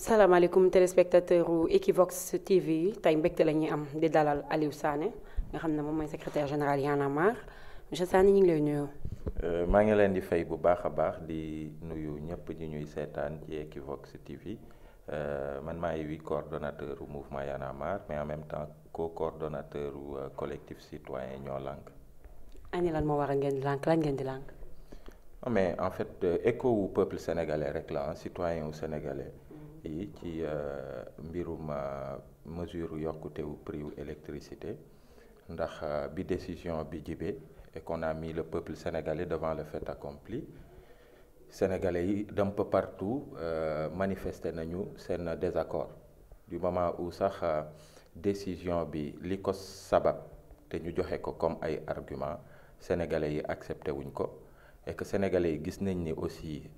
salaamaaleykum téléspectateur u Equivox TV tey mbégte la ñuy am di dalal Aliou Sané nga xam ne moom mooy secrétaire général Y'en a marre ñu ngi lay nuyu. Euh, maa ngi leen di fay bu baax a baax di nuyu ñëpp ñi ñuy seetaan ci Equivox TV euh, man maay wi coordonnateur u mouvement Y'en mais en même temps co-coordonnateur u euh, collectif citoyen ñoo lànk. ani lan moo a ngeen di lànk lan ngeen di lànk. mais en fait écho wu peuple sénégalais rek la citoyen wu sénégalais. yi ci euh, mbirum euh, mesure yokkute wu prix wu électricité ndax euh, bi décision bi jibee et qu'on a mis le peuple sénégalais devant le fait accompli sénégalais yi d'un peu partout manifester nañu seen désaccord du moment où sax décision bi li ko sabab te ñu joxe ko comme ay argument sénégalais yi accepté wuñ ko et que sénégalais yi gis nañ ni aussi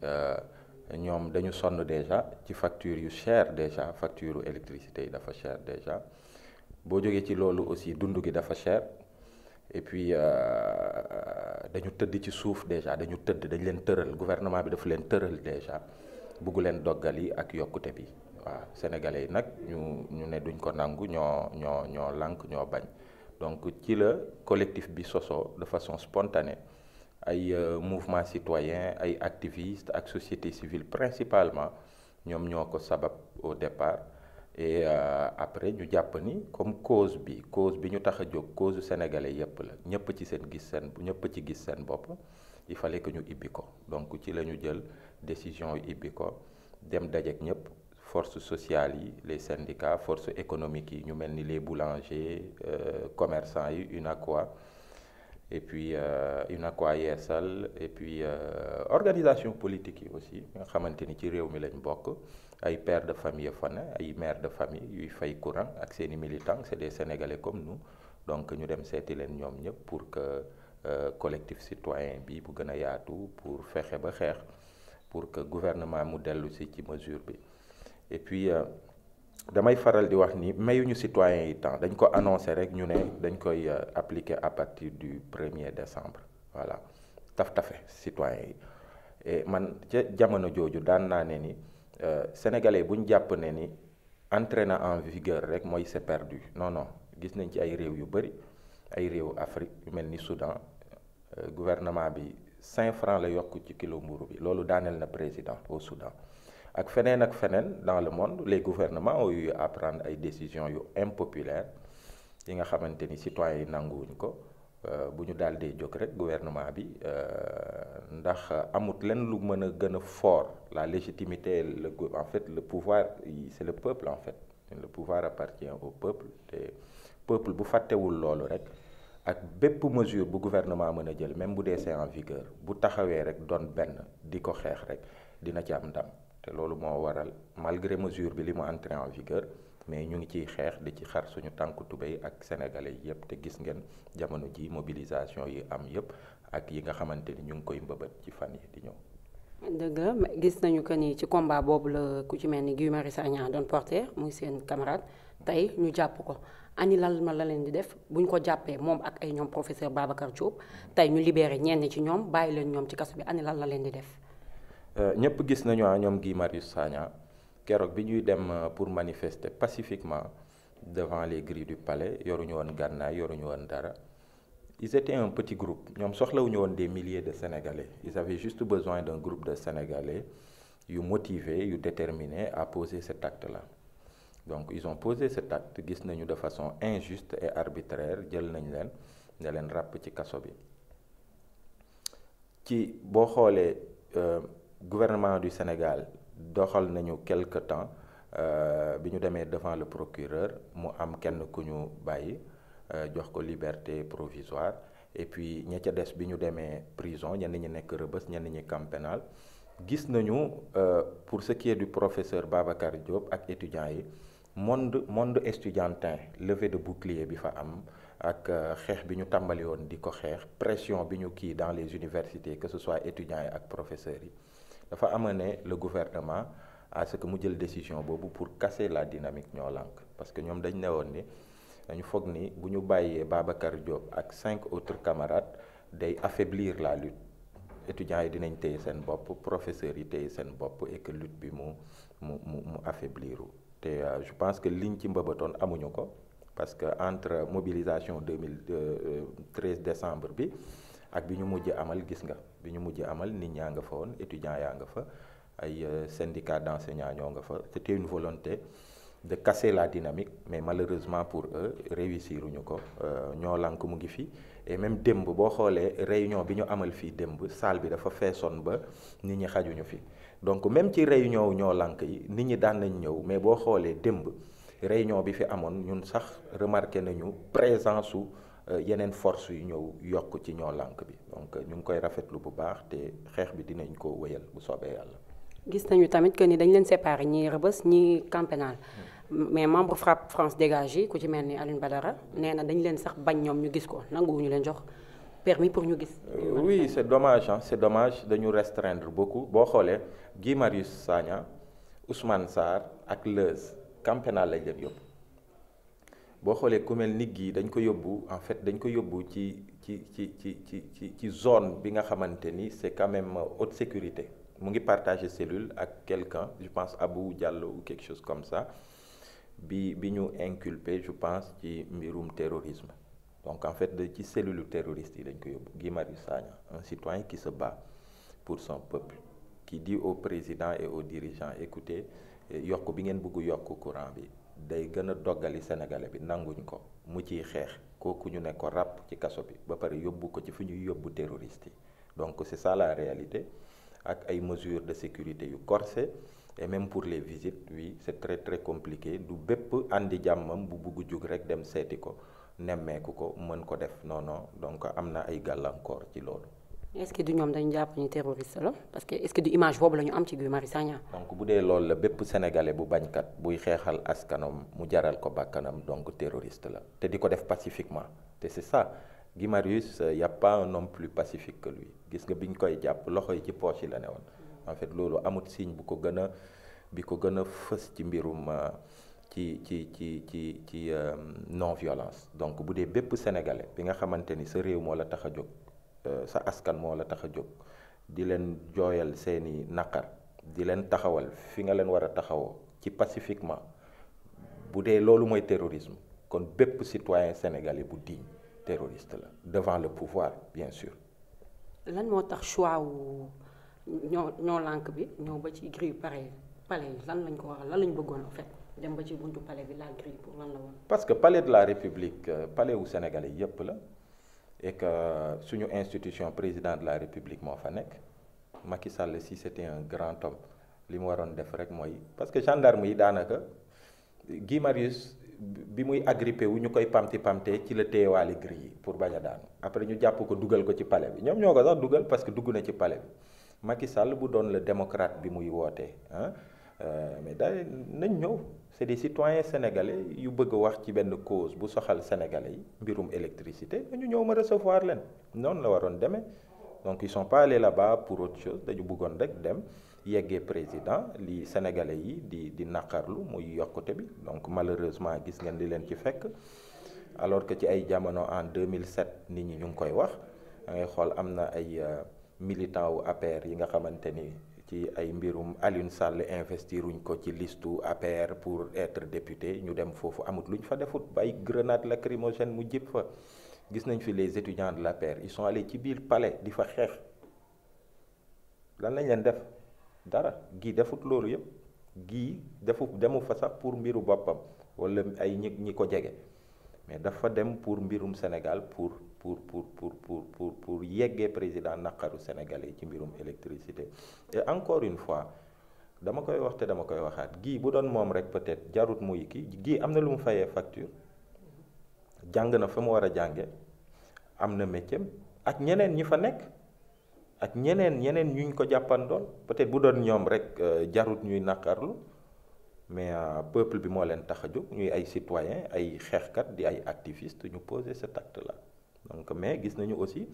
ñoom dañu sonn déjà ci facture yu cher déjà facture électricité yi dafa cher déjà boo jógee ci loolu aussi dundu gi dafa cher et puis euh, dañu tëdd ci suuf déjà dañu tëdd dañ leen tëral gouvernement bi dafa leen tëral déjà bugg leen doggal yi ak yokkute bi waa sénégalais yi nag ñu ñu ne duñ ko nangu ñoo ñoo ñoo lànk ñoo bañ donc ci la collectif bi sosoo de façon spontanée ay euh, mouvement citoyen ay activistes ak société civile principalement ñoom ñoo ko sabab au départ et euh, après ñu jàpp ni comme cause bi cause bi ñu tax a jóg cause sénégalais yépp la ñépp ci seen gis seen ñépp ci gis seen bopp il fallait que ñu ibbi ko donc ci la ñu jël décision ibbi ko dem dajeek ñépp force sociales yi les syndicats force économiques yi ñu mel ni les boulangers euh, commerçant yi UNACOIS et puis UNACOIS euh, Yeesal et puis euh, organisation politique yi aussi nga xamante ni ci réew mi lañ bokk ay pères de famille fa ne ay maire de famille yuy fay courant ak seeni militants c'est des sénégalais comme nu donc ñu dem seeti leen ñoom ñëpp pour que euh, collectif citoyen bi bu gën a yaatu pour fexe ba xeex pour que gouvernement mu dellu si ci mesure bi et puis. damay faral di wax ni mayuñu citoyen yi temps dañ ko annoncé rek ñu ne dañ koy euh, appliquer à partir du premier décembre voilà taf tafe citoyen yi e man ca jamono jooju daan naa ne ni euh, sénégalais bu ñu jàpp ne ni entré na en vigueur rek mooy c'est perdu non non gis nañ ci ay réew yu bëri ay réew Afrique yu mel ni Soudan euh, gouvernement bi cinq francs la yokk ci kilo mburu bi loolu daaneel na président au Soudan ak feneen ak feneen dans le monde les gouvernements ont eu à ay décisions yu impopulaires yi nga xamante ni citoyens yi nanguwuñ ko euh, bu ñu daal dee jóg rek gouvernement bi euh, ndax amut leen lu mën a gën a fort la légitimité le en fait le pouvoir c'est le peuple en fait le pouvoir appartient au peuple te peuple bu fàttewul loolu rek ak bépp mesure bu gouvernement mën a jël même bu dee c'est en vigueur bu taxawee rek doon benn di ko xeex rek dina ci am ndam te loolu moo waral malgré mesure bi li mu entré en vigueur mais ñu ngi ciy xeex di ci xar suñu tànk tubéy ak sénégalais yépp te gis ngeen jamono ji mobilisation yi am yépp ak yi nga xamante ni ñu ngi koy mbëbët ci fan yi di ñëw. dëgg gis nañu que ni ci combat boobu la ku ci mel ni Guy Marius Sagna doon porter muy seen camarade tey ñu jàpp ko ani lal ma la leen di def buñ ko jàppee moom ak ay ñoom professeur Babacar Diop tey ñu libéré ñenn ci ñoom bàyyi leen ñoom ci kaso bi ani lal la leen di def. Euh, ñëpp gis nañu ah ñoom Guy Marius Sagna keroog bi ñuy dem euh, pour manifester pacifiquement devant les grilles du palais ñu woon gànnaay yoruñu woon dara is étaient un petit groupe ñoom soxlawuñu woon des milliers de sénégalais ils avaient juste besoin d'un groupe de sénégalais yu motiver yu déterminés à poser cet acte la donc ils on posé cet acte gis nañu de façon injuste et arbitraire jël nañ leen ne leen ràpp ci kaso bi ci boo xoolee. Euh, gouvernement du Sénégal doxal nañu quelque temps euh, bi ñu demee devant le procureur mu am kenn ku ñu bàyyi euh, jox ko liberté provisoire et puis ña ca des bi ñu demee prison ñenn ñi nekk rëbës ñenn ñi camp gis nañu euh, pour ce qui est du professeur Babacar Diop ak étudiants yi monde monde estudiantin levée de bouclier bi fa am ak xeex bi ñu tàmbali woon di ko xeex pression bi ñu kii dans les universités que ce soit étudiants yi ak professeurs yi dafa amoon ne le gouvernement à ce que mu jël décision boobu pour casser la dynamique ñoo lànk parce que ñoom dañu ne woon ni dañu foog ni bu ñu bàyyee Babacar Diop ak cinq autres camarades day affaiblir la lutte étudiants yi dinañ téye seen bopp professeur yi téye seen bopp et que bi mu mu mu mu affaibliru te euh, je pense que liñ ci mbëbatoon amuñu ko parce que entre mobilisation 2013 euh, euh, décembre bi ak bi ñu mujj amal gis nga bi ñu mujj amal nit ñaa nga fa woon étudiants yaa nga fa ay euh, syndicat d'enseignants ñoo nga fa c'était une volonté de casser la dynamique mais malheureusement pour eux réussiruñu ko euh, ñoo lànk mu ngi fi et même démb boo xoolee réunion bi ñu amal fii démb salle bi dafa feesoon ba nit ñi xajuñu fi donc même ci réunion wu ñoo lànk yi nit ñi daan nañ ñëw mais boo xoolee démb réunion bi fi amoon ñun sax remarqué nañu présence su Euh, yeneen force yu ñëw yokk ci ñoo lànk bi donc ñu ngi koy rafetlu bu baax te xeex bi dinañ ko wéyal bu soobee yàlla. gis nañu tamit que ni dañu leen séparé ñi Rebeuss ñi Camp hmm. mais membre FRAPP France Dégage yi ku ci mel ni Alioune Badara nee na dañ leen sax bañ ñoom ñu gis ko ñu leen jox permis pour ñu gis. Euh, oui c'est dommage ah c'est dommage dañu restreindre beaucoup boo xoolee Guy Marius Sagna Ousmane Sarr ak Leuz Camp Pénal lañ leen yóbbu. boo xoolee ku mel ni gii dañ ko yóbbu en fait dañ ko yóbbu ci ci ci ci ci ci ci zone bi nga xamante ni c' est quand même euh, haute sécurité mu ngi partager cellule ak quelqu'un je pense Abou Diallo ou quelque chose comme sax bi bi ñu inculpé je pense ci mbirum terrorisme donc en fait de ci cellule terroriste yi dañ ko yóbbu Guy Marius Sagna un citoyen qui se bat pour son peuple qui di au président et aux dirigeants écoutez euh, yokk bi ngeen bëgg yokk courant bi day gën a doggali sénégalais bi nanguñ ko mu ciy xeex kooku ñu ne ko ràpp ci kaso bi ba pare yóbbu ko ci fu ñuy yóbbu terroriste yi donc c'est ça la réalité ak ay mesures de sécurité yu corsées et même pour les visites oui c'est très très compliqué du bépp indi jàmmam bu bugg jóg rek dem seeti ko nemmeeku ko mën ko def non donc am na ay gàllankoor ci loolu est-ce que du ñoom dañu jàpp ñu terroriste la parce que est-ce que du image boobu la am ci Guy Marius Sagna. donc bu dee loolu la bépp sénégalais bu bañkat buy xeexal askanam mu jaral ko bakkanam donc terroriste la te di ko def pacifiquement te c'est ça Guy Marius euh, y a plus pacifique que gis nga bi ñu koy jàpp loxo yi ci poche yi la ne woon. en fait loolu amut signe bu ko gën a bi ko gën a fës ci mbirum euh, ci ci ci ci ci euh, non violence donc bu dee bépp sénégalais bi nga xamante ni sa réew moo la tax a jóg. Euh, sa askan moo la tax a jóg di leen jooyal seeni naqar di leen taxawal fi nga leen war a taxawoo ci pacifiquement bu dee loolu mooy terrorisme kon bépp citoyen sénégalais bu digne terroriste la devant le pouvoir bien sûr. lan moo tax choix wu ñoo ñoo lànk bi ñoo ba ci grille pare palais lan lañ ko wax lan lañ bëggoon en fait dem ba ci buntu palais bi la grille pour lan la woon. parce que palais de la république euh, palais wu sénégalais yépp la. et que suñu institution président de la république moo fa nekk Macky Sall si c'était un grand homme li mu waroon def rek mooy parce que gendarme yi daanaka Guy Marius bi muy agrippé wu ñu koy pamti pamte ci la téyewaale gri yi pour bañ a daanu après ñu jàpp ko dugal ko ci pale bi ñoom ñoo ko sax dugal parce que dugg na ci pale bi Macky Sall bu doon la démocrate bi muy wootee ah Euh, mais daal nañ ñëw c'est des citoyens sénégalais yu bëgg wax ci benn cause bu soxal sénégalais yi mbirum électricité ñu ñëw ma recevoir leen noonu la waroon demee donc ils sont pas allés là pour autre chose dañu bëggoon rek dem yeggee président li sénégalais yi di di naqarlu muy yokkute bi donc malheureusement gis nga di leen ci fekk alors que ci ay jamono en 2007 nit ñi ñu ngi koy wax da xool am na ay euh, militants wu APR yi nga xamante ni. ci ay mbirum Alioune Sall investiruñ ko ci listu APR pour être député ñu dem foofu amut ñu fa defut ay grenade lacrymogène mu jëpp fa gis nañ fi les étudiants de l'APR ils sont allés ci biir pale di fa xeex lan lañ leen def dara gii defut loolu yëpp gi defu demu fa sax pour mbiru boppam wala ay ñi ñi ko jege mais dafa dem pour mbirum Sénégal pour pour pour pour pour pour pour yeggee président naqaru Sénégalais ci mbirum électricité et encore une fois dama koy wax te dama koy waxaat gii bu doon moom rek peut-être jarut muy kii gii am na lu mu fayee facture jàng na fa mu war a jànge am na métier ak ñeneen ñi fa nekk ak ñeneen ñeneen ñu ñu ko jàppandoon peut-être bu doon ñoom rek euh, jarut ñuy naqarlu mais euh, peuple bi moo leen tax a jóg ñuy ay citoyens ay xeexkat di ay activistes ñu poser cet acte là donc mais gis nañu aussi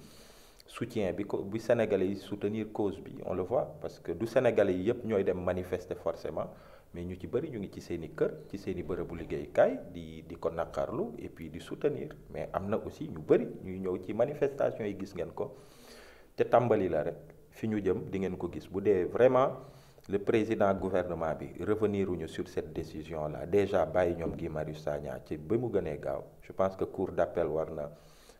soutien bi ko bu Sénégalais yi soutenir cause bi on le voit parce que du Sénégalais yi yëpp ñooy dem manifester forcément mais ñu ci bëri ñu ngi ci seen i kër ci seeni i bërëbu liggéeykaay di di ko naqarlu et puis di soutenir mais am na aussi ñu bëri ñuy ñëw ci manifestation yi gis ngeen ko te tàmbali la rek fi ñu jëm di ngeen ko gis bu dee vraiment. le président gouvernement bi revenir uñu sur cette décision la déjà bàyyi ñoom Guy Marius Sagna ci ba mu gënee gaaw je pense que cour d'appel war na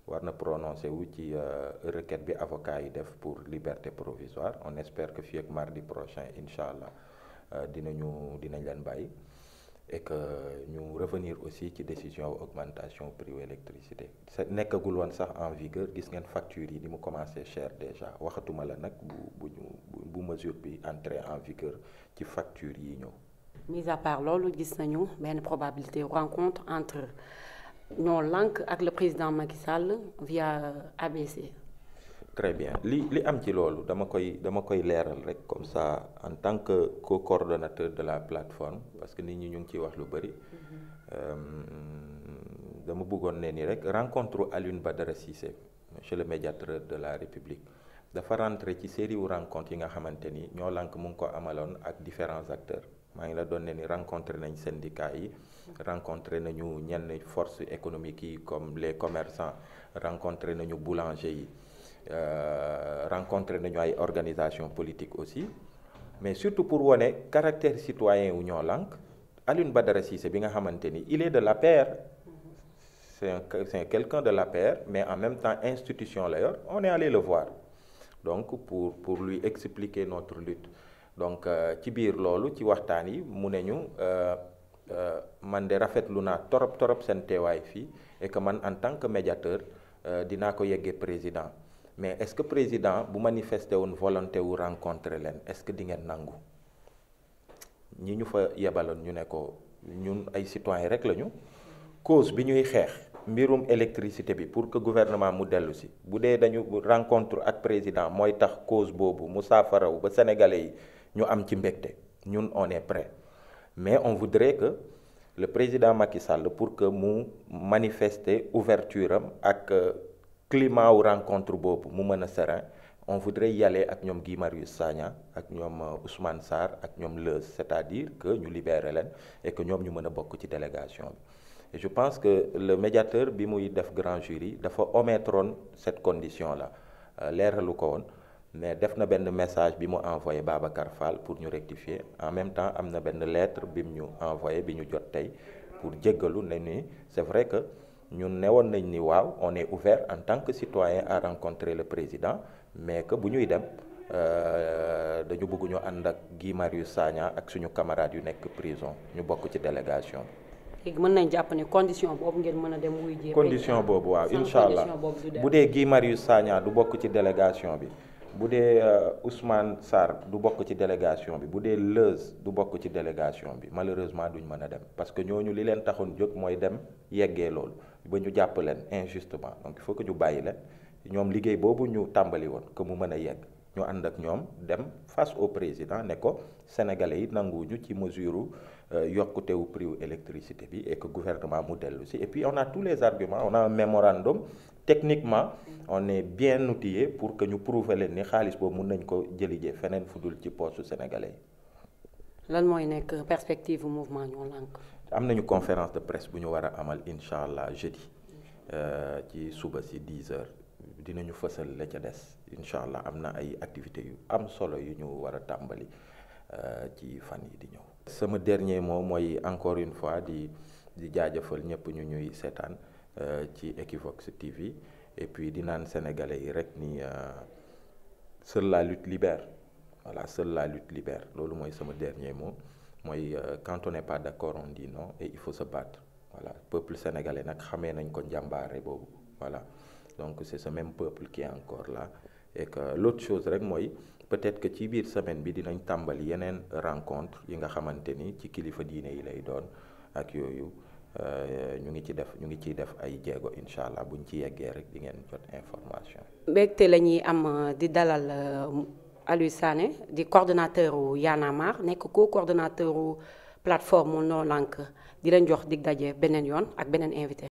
war na prononcé wu ci euh, requête bi avocat yi def pour liberté provisoire on espère que fii ak mardi prochain incha allah euh, dinañu dinañ leen bàyyi e que ñu revenir aussi ci décision augmentation prix électricité nekkagul woon sax en vigueur gis ngeen facture yi ni mu commencé cher déjà waxatuma la nag bu bu ñu bu mesure bi entrer en vigueur ci facture yi ñëw. mise à part loolu gis nañu benn probabilité rencontre entre ñoo lànk ak le président Macky Sall via ABC. très bien li li am ci loolu dama koy dama koy leeral rek comme ça en tant que co-coordonnateur de la plateforme parce que nit ñi ñu ngi ciy wax lu bëri euh, dama bëggoon ne ni rek rencontre ba Badara Cissé monsieur le médiateur de la République dafa rentré ci série wu rencontre yi nga xamante ni ñoo lànk mu ngi ko amaloon ak différents acteurs maa ngi la doon ne ni rencontré nañ syndicats yi rencontré nañu ñenn force économiques yi comme les commerçants rencontré nañu boulanger yi Euh, rencontré nañu ay organisation politique aussi mais surtout pour wane caractère citoyen wu ñoo lànk ba Badara Cissé bi nga xamante ni il est de l'APR c'est un c'est quelqu'un de la per mais en même temps institution la yor on est allé le voir donc pour pour lui expliquer notre lutte donc euh, ci biir loolu ci waxtaan yi mu ne ñu euh, man de rafetlu naa torop torop seen teewaay fii et que man en tant que médiateur dinaa ko yeggee président mais est-ce que président bu manifesté woon volonté wu rencontrer leen est-ce que di ngeen nangu ñi ñu fa yebaloon ñu ne ko ñun ay citoyens rek lañu cause bi ñuy xeex mbirum électricité bi pour que gouvernement mu dellu si bu dee dañu rencontre ak président mooy tax cause boobu mu saafaraw ba sénégalais yi ñu am ci mbégte ñun on est prêt mais on voudrait que le président Macky Sall pour que mu manifester ouverture am ak. Euh, climat wu rencontre boobu mu mën a serein on voudrait y ak ñoom Guy Marius Sagna ak ñoom euh, Ousmane Sarr ak ñoom Leuz c'est-à-dire que ñu libérer leen et que ñoom ñu mën a bokk ci délégation bi je pense que le médiateur bi muy def grand jury dafa omettroon cette condition la euh, leeralu ko woon mais def na benn message bi mu envoyé Babacar Fall pour ñu rectifier en même temps am na benn lettre bi mu ñu envoyé bi ñu jot tey pour jéggalu ne ni c'est vrai que ñun newoon nañ ni waaw on est ouvert en tant que citoyen en rencontrer le président mais que bu ñuy dem euh, dañu bëgg ñu ànd ak Guy yu Sagna ak suñu camarades yu nekk prison ñu bokk ci délégation bi. mën nañ jàpp ne condition boobu ngeen mën a dem wuy jéem condition boobu waaw incha allah bu dee Guy Marius Sagna du bokk ci délégation bi. bu dee euh, Ousmane sar du bokk ci délégation bi bu dee Leuz du bokk ci délégation bi malheureusement duñ mën a dem parce que ñooñu li leen taxoon jot mooy dem yeggee loolu ba ñu jàpp leen injustement donc il faut ñu bàyyi leen ñoom liggéey boobu ñu tàmbali woon que mu mën a yegg ñu ànd ak ñoom dem face au président ne ko sénégalais yi ñu ci mesure euh, yokkute wu prix wu électricité bi et que gouvernement mu dellu si et puis on a tous les arguments on a un mémorandum techniquement on est bien outillé pour que ñu prouver leen ni xaalis boobu mun nañ ko jëlijee feneen fu dul ci poosu sénégalais yi. lan mooy nekk perspective mouvement Ñoo am nañu conférence de presse bu ñu war a amal incha allah jeudi euh, ci suba si 10 heures dinañu fësal la ca des incha allah am na ay activités yu am solo yu ñu war a tàmbali euh, ci fan yi di ñëw. sama dernier mot mooy encore une fois di di jaajëfal ñëpp ñu ñuy seetaan euh, ci Equivox TV et puis di naan sénégalais yi rek ni seule la lutte libère voilà seule la lutte libère loolu mooy sama dernier mot. mooy euh, quand on n'est pas d'accord on dit non et il faut se battre voilà peuple sénégalais nag xamee nañ ko njàmbaare boobu voilà donc c'est ce même peuple qui encore la et que l'autre chose rek mooy peut-être que ci biir semaine bi dinañ tàmbali yeneen rencontre yi nga xamante ni ci kilifa diine yi lay doon ak yooyu euh, ñu ngi ci def ñu ngi ciy def ay jéego incha allah buñ ci yeggee rek di ngeen jot information. mbégte la am euh, di dalal. Aliou Sané di coordonnateur wu Y'en nekk co-coordonnateur wu plateforme Non Lank di leen jox dig daje beneen yoon ak beneen invité.